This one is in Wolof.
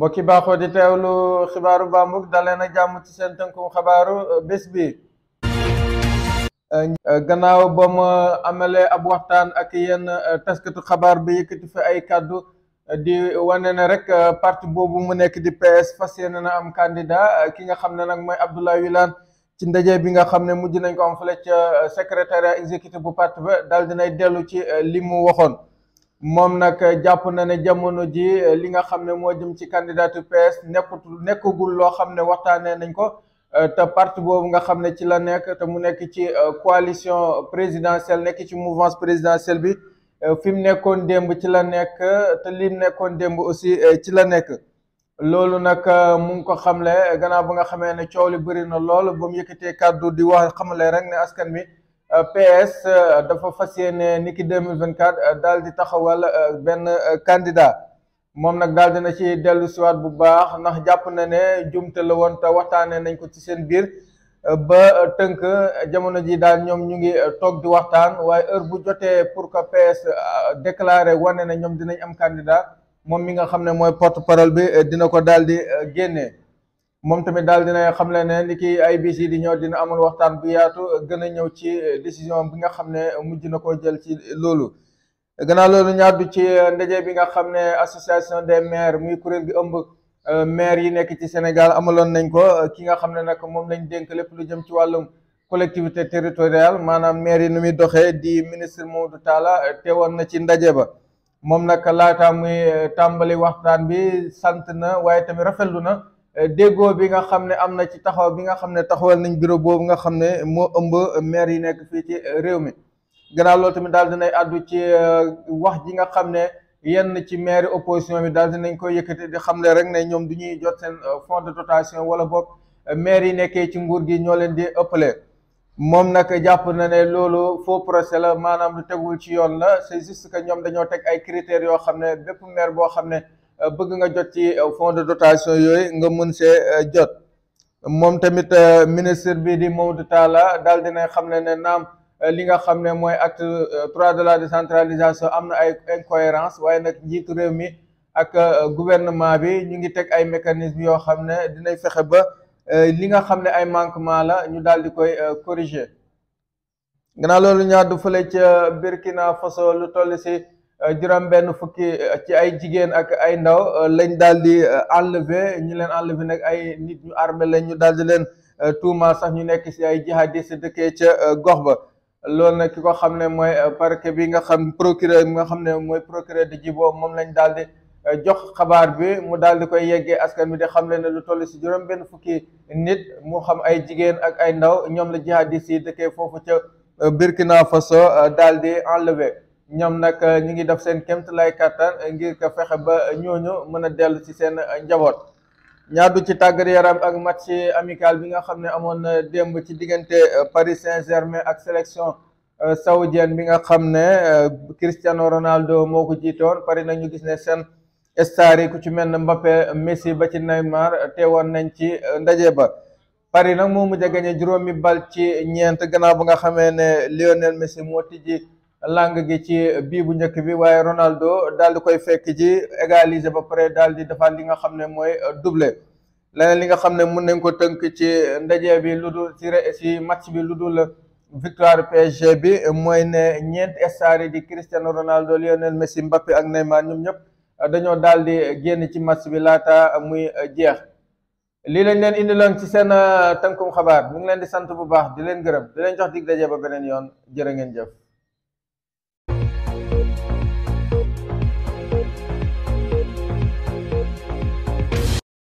mbokki baaxoo di teewlu xibaaru bambuk dalee na jàmm ci seen tënkum xabaaru uh, bés bi uh, gannaaw ba mu amalee ab waxtaan ak yenn uh, taskatu xabaar bi yëkkati fi ay kàddu di wane ne rek parti boobu mu nekk di PS fas yéene na am candidat ki nga xam ne nag mooy Abdoulaye Wilane ci ndaje bi nga xam ne mujj nañ ko am fële ca secrétariat exécutif bu parti ba daal dinay dellu ci li mu waxoon moom nag jàpp na ne jamono ji li nga xam ne moo jëm ci candidature PS nekkut nekkagul loo xam ne waxtaanee nañ ko euh, te parti boobu nga xam ne ci la nekk te mu nekk ci euh, coalition présidentielle nekk ci mouvance présidentielle bi euh, fi mu nekkoon démb ci la nekk te lim nekkoon démb aussi ci la nekk loolu nag mu ko xam le gannaaw ba nga xamee ne coow li bëri na lool ba mu yëkkatee kàddu di wax xamle rek ne askan mi Euh, PS euh, dafa fas ne ni ki deux mille vingt quatre euh, daal di taxawal benn candidat moom nag daal dina ci dellu siwaat bu baax ndax jàpp na ne jumte la woon te waxtaanee nañ ko ci seen biir ba tënk jamono ji daal ñoom ñu ngi toog di waxtaan waaye heure bu jotee pour que PS déclaré wane na ñoom dinañ am candidat moom mi nga xam ne mooy porte parole bi dina ko daal di génne moom tamit daal dina xam ne ne ni kii ay bis yi di ñëw dina amoon waxtaan bu yaatu gën a ñëw ci décision bi nga xam ne mujj na koo jël ci loolu gannaaw loolu ñu àddu ci ndaje bi nga xam ne association des maires muy kuréel gi ëmb euh, maire yi nekk ci Sénégal amaloon nañ ko euh, ki nga xam ne nag moom lañ dénk lépp lu jëm ci wàllum collectivité territoriale maanaam maire yi nu muy doxee di ministre Mamadou Talla euh, teewoon na ci ndaje ba moom nag laata muy tàmbali waxtaan bi sant na waaye tamit rafetlu na Euh, déggoo bi nga xam ne am na ci taxaw bi nga xam ne taxawal nañ bureau boobu nga xam ne moo ëmb maire yi nekk fii ci euh, réew mi gannaaw loolu tamit daal dinay àddu ci euh, wax ji nga xam ne yenn ci maire opposition bi daal dinañ koy yëkkati di xam ne rek ne ñoom du ñuy jot seen fonds de dotation wala boog maire yi nekkee ci nguur gi ñoo leen di ëppale moom nag jàpp na ne loolu faux procès la maanaam lu tegul ci yoon la c'est juste que ñoom dañoo teg ay critères yoo xam ne bépp maire boo xam ne bëgg nga jot ci euh, fonds de dotation yooyu nga mën see euh, jot moom tamit euh, ministre bi di Maodo Talla daal dina xam ne ne naam li nga xam ne mooy acte trois de la de décentralisation am na ay incohérence waaye nag njiitu réew mi ak gouvernement bi ñu ngi teg ay mécanismes yoo xam ne dinay fexe ba li nga xam ne ay manquement la ñu daal di koy corriger naa loolu ñaar du fële ca Burkina Faso lu toll si juróom benn fukki eh, ci ay jigéen ak ay ndaw eh, lañ daal di eh, enlever ñu leen enlever nag ay nit ñu armé lañ ñu daal di leen tuuma sax ñu nekk si ay jihadiste dëkkee ca gox ba loolu nag ki ko xam ne mooy parquet bi nga xam procureur bi nga xam ne mooy procureur de Djibo moom lañ daal di jox xabaar bi mu daal di koy yeggee askan bi di xam leen ne lu toll si juróom benn fukki nit mu xam ay jigéen ak ay ndaw ñoom la jihadiste yi dëkkee foofu ca Burkina Faso daal di enlever. ñoom nag euh, ñu ngi def seen kemt lay kàttan ngir ko fexe ba ñooñu mën a dellu ci seen euh, njaboot ñaadu ci tàggat yaram ak match amicale bi nga xam ne amoon na euh, démb ci diggante Paris Saint-Germain ak sélection saoudienne bi nga xam ne Cristiano Ronaldo moo ko jiitoon Paris nag ñu gis ne seen star ku ci mel ne Mbappé Messi ba ci Neymar teewoon nañ ci ndaje ba Paris nag moo mujj a gañe juróomi bal ci ñeent gannaaw ba nga xamee ne Lionel Messi moo tijji lang gi ci bii bu njëkk bi waaye Ronaldo daal di koy fekk ci égaliser ba pare daal di defaat li nga xam ne mooy doublé leneen li nga xam ne mën nañ ko tënk ci ndaje bi lu dul ci ci match bi lu dul victoire PSG bi mooy ne ñeent star di Cristiano Ronaldo Lionel Messi Mbappé ak Neymar ñoom ñëpp dañoo daal di génn ci match bi laata muy jeex lii lañ leen indiloon ci seen uh, tënkum xabaar mu ngi leen di sant bu baax di leen gërëm di leen jox dig daje ba beneen yoon jërë ngeen jëf.